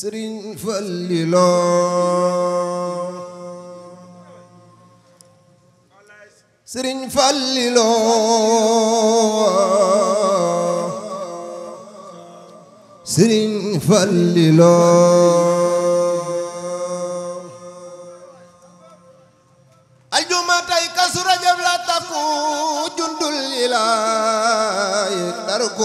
sëriñ falliloo sëriñ falliloo sëriñ jundul ilaahi dar ko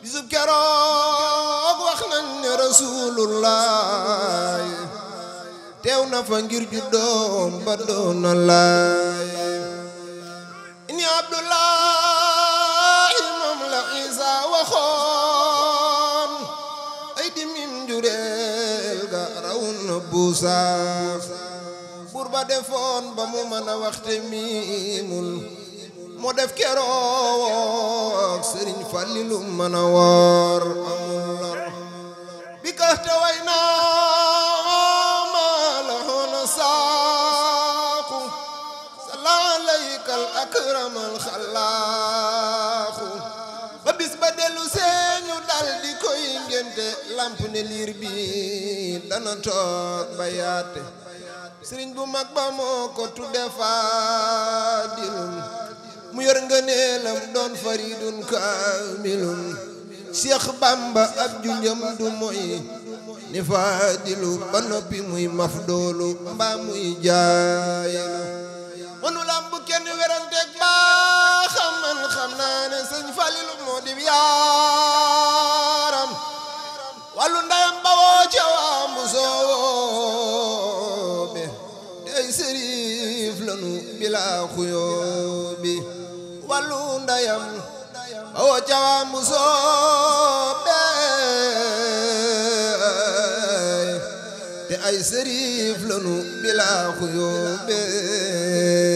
bisub keroog wax nañ ne teew na fa ngir ju doom ba doona laay ini abdullahi moom la isa waxoon ay di mim jureel ga raw na buusa buur ba defoon ba mu mën wax waxte miimul mu def keroog sëriñ Falilu mën a woor amul bi ka te way la hoona saaku salaalayka al akram al xalaaku ba bis ba dellu seeñu dal di koy ngénte lamp ne liir bi dana toog ba yaate sëriñ bu mag ba moo ko tudde Faadilu mu yor nga doon faridun kaamilun Seex Bamba ab junjam du moy ni faadilu ba noppi muy maf doolu mbaa muy jaayilu mënu lamb kenn weranteeg baaxam man xam naa ne sëñ Falilu moo dib yaaram wàllu ndayam ba woo ca waa mbusoobe tey sëriif lanu bilaa xuyoo bi wàllu ndeyam bawo cawaa mu soobe te ay sërif lanu bila xuyóobe